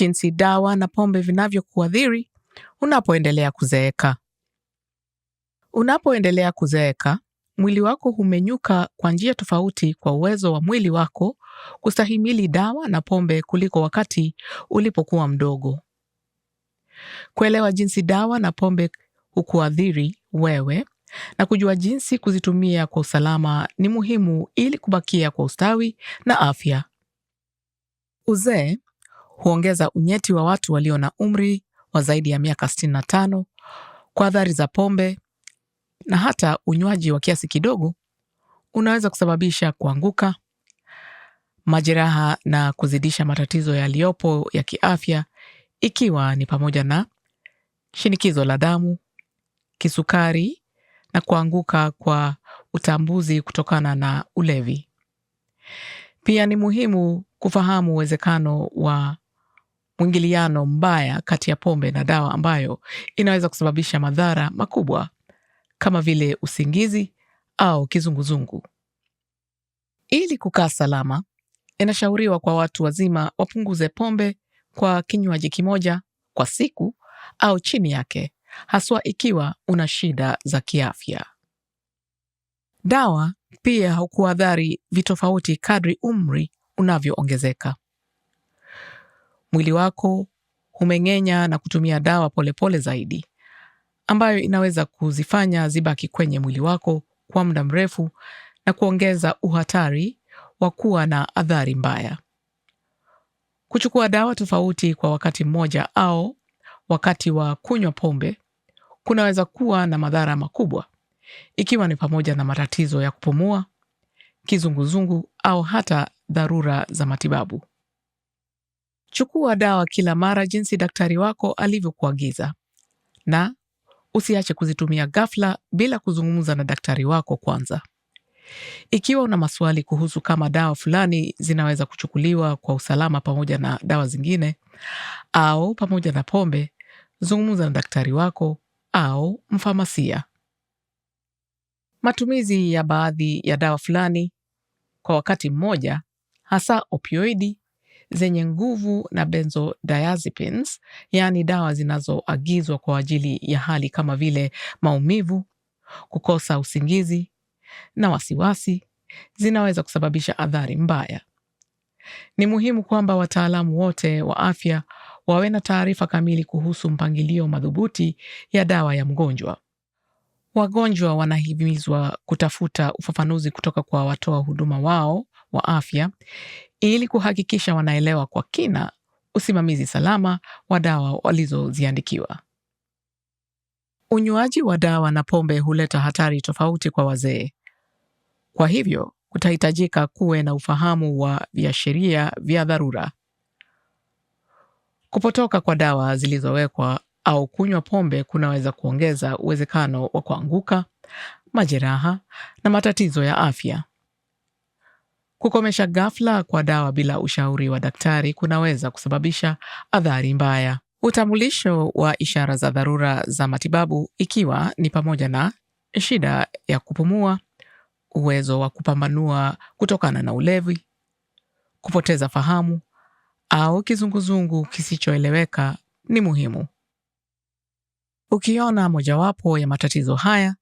jinsi dawa na pombe vinavyokuadhiri unapoendelea kuzeeka. Unapoendelea kuzeeka, mwili wako humenyuka kwa njia tofauti kwa uwezo wa mwili wako kustahimili dawa na pombe kuliko wakati ulipokuwa mdogo. Kuelewa jinsi dawa na pombe hukuadhiri wewe na kujua jinsi kuzitumia kwa usalama ni muhimu ili kubakia kwa ustawi na afya. Uzee huongeza unyeti wa watu walio na umri wa zaidi ya miaka 65 kwa athari za pombe, na hata unywaji wa kiasi kidogo unaweza kusababisha kuanguka, majeraha na kuzidisha matatizo yaliyopo ya kiafya, ikiwa ni pamoja na shinikizo la damu, kisukari na kuanguka kwa utambuzi kutokana na ulevi. Pia ni muhimu kufahamu uwezekano wa mwingiliano mbaya kati ya pombe na dawa ambayo inaweza kusababisha madhara makubwa kama vile usingizi au kizunguzungu. Ili kukaa salama, inashauriwa kwa watu wazima wapunguze pombe kwa kinywaji kimoja kwa siku au chini yake, haswa ikiwa una shida za kiafya. Dawa pia hukuadhari vitofauti kadri umri unavyoongezeka mwili wako humeng'enya na kutumia dawa polepole pole zaidi, ambayo inaweza kuzifanya zibaki kwenye mwili wako kwa muda mrefu na kuongeza uhatari wa kuwa na athari mbaya. Kuchukua dawa tofauti kwa wakati mmoja au wakati wa kunywa pombe kunaweza kuwa na madhara makubwa, ikiwa ni pamoja na matatizo ya kupumua, kizunguzungu au hata dharura za matibabu. Chukua dawa kila mara jinsi daktari wako alivyokuagiza, na usiache kuzitumia ghafla bila kuzungumza na daktari wako kwanza. Ikiwa una maswali kuhusu kama dawa fulani zinaweza kuchukuliwa kwa usalama pamoja na dawa zingine au pamoja na pombe, zungumza na daktari wako au mfamasia. Matumizi ya baadhi ya dawa fulani kwa wakati mmoja, hasa opioidi, zenye nguvu na benzodiazepines, yaani dawa zinazoagizwa kwa ajili ya hali kama vile maumivu, kukosa usingizi na wasiwasi, zinaweza kusababisha athari mbaya. Ni muhimu kwamba wataalamu wote wa afya wawe na taarifa kamili kuhusu mpangilio madhubuti ya dawa ya mgonjwa. Wagonjwa wanahimizwa kutafuta ufafanuzi kutoka kwa watoa huduma wao wa afya ili kuhakikisha wanaelewa kwa kina usimamizi salama wa dawa walizoziandikiwa. Unywaji wa dawa na pombe huleta hatari tofauti kwa wazee. Kwa hivyo, kutahitajika kuwe na ufahamu wa viashiria vya dharura. Kupotoka kwa dawa zilizowekwa au kunywa pombe kunaweza kuongeza uwezekano wa kuanguka, majeraha na matatizo ya afya. Kukomesha ghafla kwa dawa bila ushauri wa daktari kunaweza kusababisha athari mbaya. Utambulisho wa ishara za dharura za matibabu, ikiwa ni pamoja na shida ya kupumua, uwezo wa kupambanua kutokana na ulevi, kupoteza fahamu au kizunguzungu kisichoeleweka, ni muhimu. Ukiona mojawapo ya matatizo haya,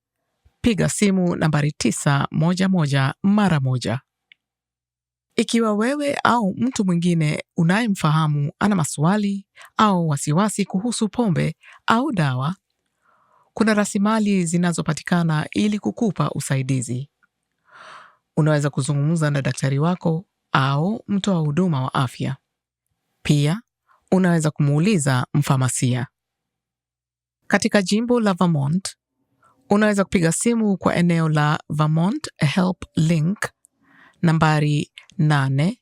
piga simu nambari 911 mara moja. Ikiwa wewe au mtu mwingine unayemfahamu ana maswali au wasiwasi kuhusu pombe au dawa, kuna rasilimali zinazopatikana ili kukupa usaidizi. Unaweza kuzungumza na daktari wako au mtoa huduma wa afya. Pia unaweza kumuuliza mfamasia. Katika jimbo la Vermont, unaweza kupiga simu kwa eneo la Vermont Help Link nambari nane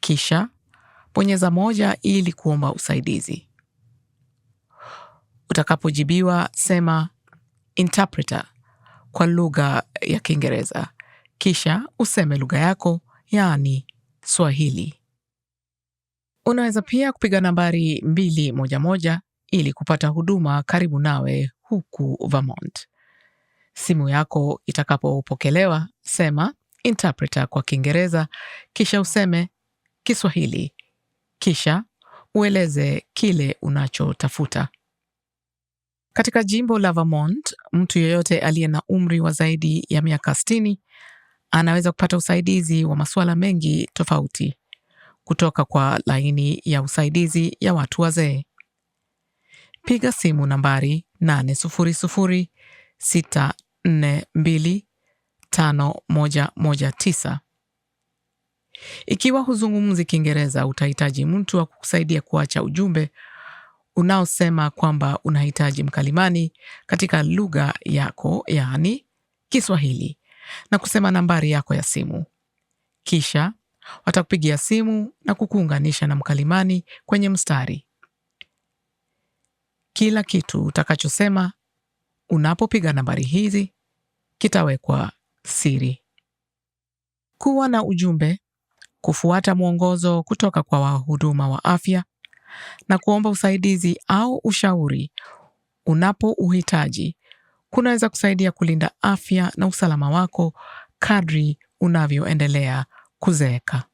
kisha bonyeza moja ili kuomba usaidizi. Utakapojibiwa sema interpreter kwa lugha ya Kiingereza, kisha useme lugha yako, yaani Swahili. Unaweza pia kupiga nambari 211 ili kupata huduma karibu nawe huku Vermont. Simu yako itakapopokelewa, sema interpreter kwa Kiingereza, kisha useme Kiswahili, kisha ueleze kile unachotafuta. Katika jimbo la Vermont, mtu yeyote aliye na umri wa zaidi ya miaka 60 anaweza kupata usaidizi wa masuala mengi tofauti kutoka kwa laini ya usaidizi ya watu wazee piga simu nambari 80064251119. Ikiwa huzungumzi Kiingereza, utahitaji mtu wa kukusaidia kuacha ujumbe unaosema kwamba unahitaji mkalimani katika lugha yako, yaani Kiswahili, na kusema nambari yako ya simu. Kisha watakupigia simu na kukuunganisha na mkalimani kwenye mstari. Kila kitu utakachosema unapopiga nambari hizi kitawekwa siri. Kuwa na ujumbe, kufuata mwongozo kutoka kwa wahuduma wa afya na kuomba usaidizi au ushauri unapouhitaji kunaweza kusaidia kulinda afya na usalama wako kadri unavyoendelea kuzeeka.